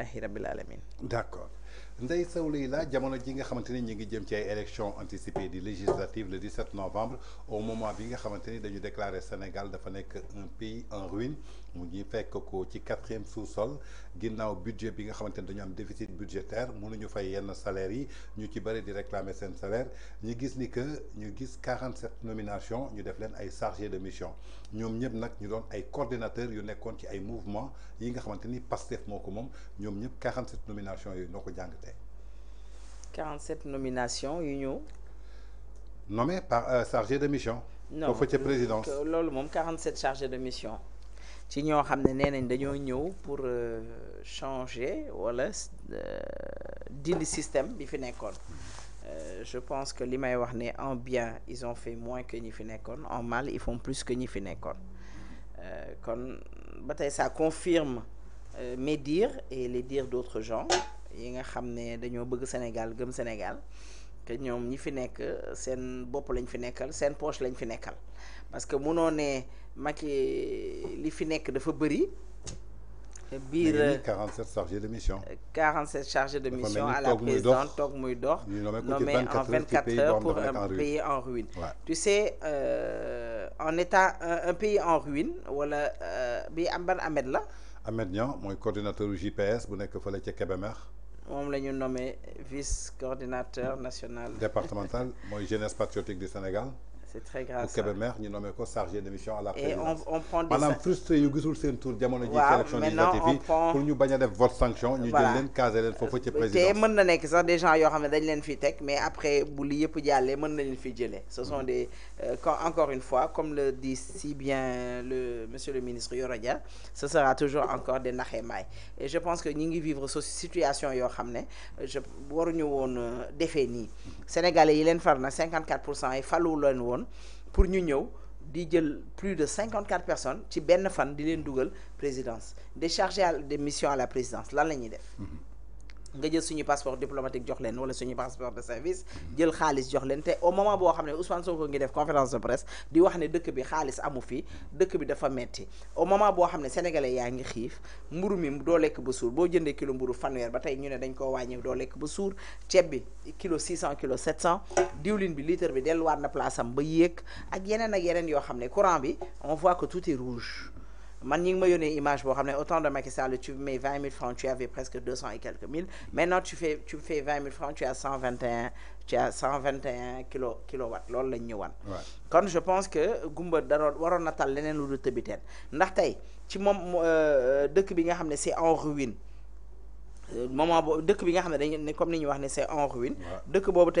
alhamdulilahi rabbil alamin d' accord Ndeye Sow la jamono ji nga xamanteni ñi ngi jëm ci ay élections anticipées di législatives le 17 novembre au moment bi nga xamanteni dañu déclarer Sénégal dafa nek un pays en ruine mu ngi fekk ko ci quatrième sous-sol ginnaw budget bi nga xamanteni dañu am déficit budgétaire ñu fay yenn salaires yi ñu ci bari di réclamer sen salaire ñu gis ni que ñu gis 47 nominations ñu def leen ay chargés de mission ñom ñëpp nak ñu doon ay coordinateurs yu nekkon ci ay mouvement yi nga xamanteni Pastef moko mom ñom ñoom 47 nominations yu noko 47 nominations union nommé par euh, chargé de mission. non vous faites présidence 47 chargés de mission. ci ñoo xam ne pour euh, changer wala euh, système bi fi je pense que les may en bien ils ont fait moins que ñi fi en mal ils font plus que ñi fi ça confirme mes dires et les dires d'autres gens yi nga xam ne dañoo bëgg Sénégal gëm Sénégal que ñoom ñi fi nekk seen bopp lañ fi nekkal seen poche lañ fi nekkal parce que munoo ne maki li fi nekk dafa bëri. biir 47 chargés de mission. 47 chargés de mission à la présidente toog muy dox nommé en 24 heures pour un pays en ruine tu sais euh, en état un pays en ruine wala euh, bi am ban Ahmed la Ahmed Niang mooy coordinateur JPS bu nekk fële ca Kébémer on la nommé vice coordinateur national départemental la jeunesse patriotique du Sénégal c'est très grave bu Kébémer ñu nommé ko chargé de mission à la présidence et on on prend des maanaam frustré yu gisul seen tour jamono ji ci élection législative yi pour ñu bañ a def vote sanction ñu jël leen casé leen foofu ci euh, présidence te mën na nekk sax des gens yoo xam ne dañ leen fi teg mais après bu li yëpp jàllee mën na leen fi jëlee ce sont mm-hmm. des euh, quand encore une fois comme le dit si bien le monsieur le ministre Yoro Dia ce sera toujours encore des naxee maay et je pense que ñi ngi vivre sa situation yoo xam ne je waruñu woon euh, defee nii mm-hmm. sénégalais yi leen far 54 pour cent yi falu leen pour ñu di plus de 54 personnes ci benn fan di leen présidence déchargé des missions à la présidence lan la def. Mhm nga jël suñu passeport diplomatique jox leen wala suñu passeport de service jël xaalis jox leen te au moment boo xam Ousmane Sonko ngi def conférence de presse di wax ne dëkk bi xaalis amu fi dëkk bi dafa metti au moment boo xam sénégalais yaa ngi xiif mburu mi doo ba suur boo jëndee kilo mburu fanweer ba tey ñu ne dañ koo ba bi kilo 600 kilo 700 diwlin bi litre bi na place am ba ak ak courant bi on voit que tout est rouge Maintenant, il y a une image pour ramener autant de Macky Sall. Tu mets 20 000 francs, tu avais presque 200 et quelques mille. Maintenant, tu fais, tu fais 20 000 francs, tu as 121, tu as 121 kilowatt Lors le nyuwan. Quand je pense que Gumbo d'abord, voilà, Natal, l'année nous doute bien. Natal, tu m'as euh, deux cubines ramener, c'est en ruine. Maman, deux cubines ramener, comme nous voyons, c'est en ruine. Deux cubes au bout de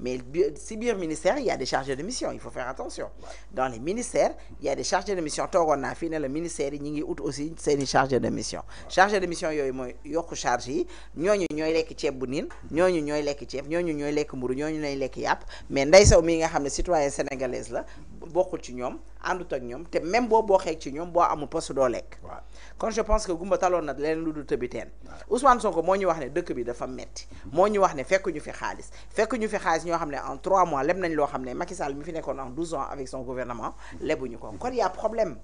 mais si le ministère il y a des chargés de mission il faut faire attention dans les ministères il y a des chargés de mission toogoon on a le ministère il y aussi des de mission Chargés de mission yokku charge sont ñooñu lekk mais nga sont citoyen Sénégalais àndut ak ñoom te même boo booxee ci ñoom boo amul poste doo lekk. Quand je pense que vous taloon na leneen lu dul tëbi teen. Ousmane Sonko moo ñu wax ne dëkk bi dafa metti moo ñu wax ne fekk ñu fi xaalis fekk ñu fi xaalis ñoo xam en 3 mois leb nañ loo xam ne mi fi en 12 ans avec son gouvernement lebuñu ko il y' a problème.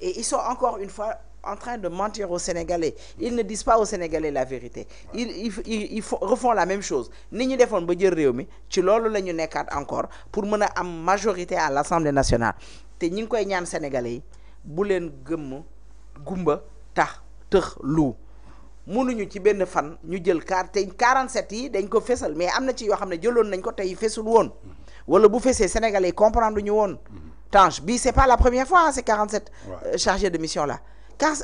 et ils sont encore une fois. en train de mentir aux Sénégalais. Ils ne disent pas aux Sénégalais la vérité. Ils, ils, ils, font, refont la même chose. Ni nous le mais nous encore pour mener à majorité à l'Assemblée nationale té ñing koy ñaan sénégalais bu leen gëm gumba tax tex lu mënuñu ci benn fan ñu jël car, 47 yi dañ ko fessel mais amna ci yo xamné ne nañ ko tay wala bu sénégalais comprendre mm-hmm. c'est pas la première fois hein, c'est 47 euh, chargé de mission là cas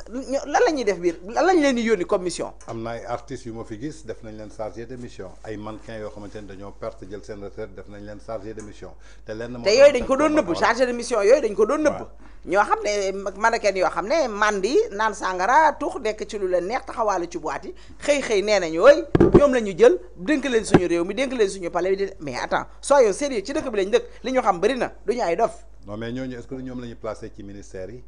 lan la ñuy def biir lan lañ leen di yoon comme mission. am na ay artistes yu ma fi gis def nañ leen chargé de mission ay mannequin yoo xamante ne dañoo perte jël seen retraite def nañ leen chargé de mission. te lenn moom te yooyu dañ ko doon nëbb chargé de mission yooyu dañ ko doon nëbb. ñoo xam ne mannequin yoo xam ne mandi naan sàngara tux nekk ci lu leen neex taxawaale ci at yi xëy xëy nee nañ yooyu ñoom la ñu jël dénk leen suñu réew mi dénk leen suñu palais bi mais attends soyons sérieux ci dëkk bi ñu xam bëri na du ñu ay ñoom la ñu placé ci ministère yi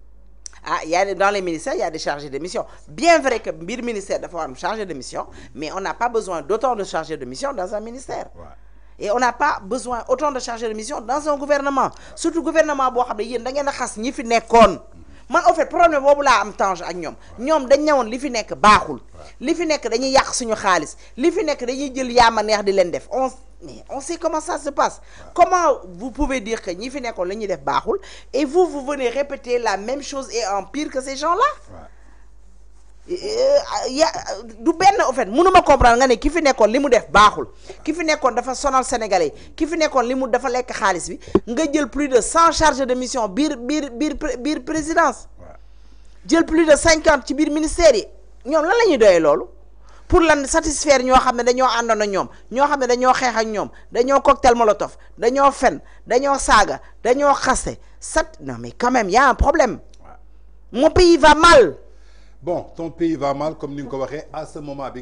ah y dans les ministères il y a des chargés de mission bien vrai que le ministère doit avoir un chargé de mission mais on n'a pas besoin d'autant de chargés de mission dans un ministère et on n'a pas besoin autant de chargés de mission dans un gouvernement surtout gouvernement a des ne qui da ngeen sont xas ñi fi nekkoon man en fait problème boobu laa am tange ak ñoom ñoom dañ ñëwoon li des choses baaxul sont fi nekk dañuy yàq Des choses qui sont dañuy jël yaama neex di qui def mais on sait comment ça se passe comment vous pouvez dire que vous fi qu'on la et vous vous venez répéter la même chose et en pire que ces gens-là euh, ya du ben, fait ne pas qu'on qui sénégalais Qui plus de 100 charges de mission bir bir bir présidence plus de 50 ministère la pour la satisfaire nous avons des dañoo ont ak ñoom ñoo xam des dañoo xeex ak ñoom dañoo cocktail molotov dañoo fen dañoo saga dañoo sat non mais quand même il y a un problème mon pays va mal bon ton pays va mal comme nous le à ce moment là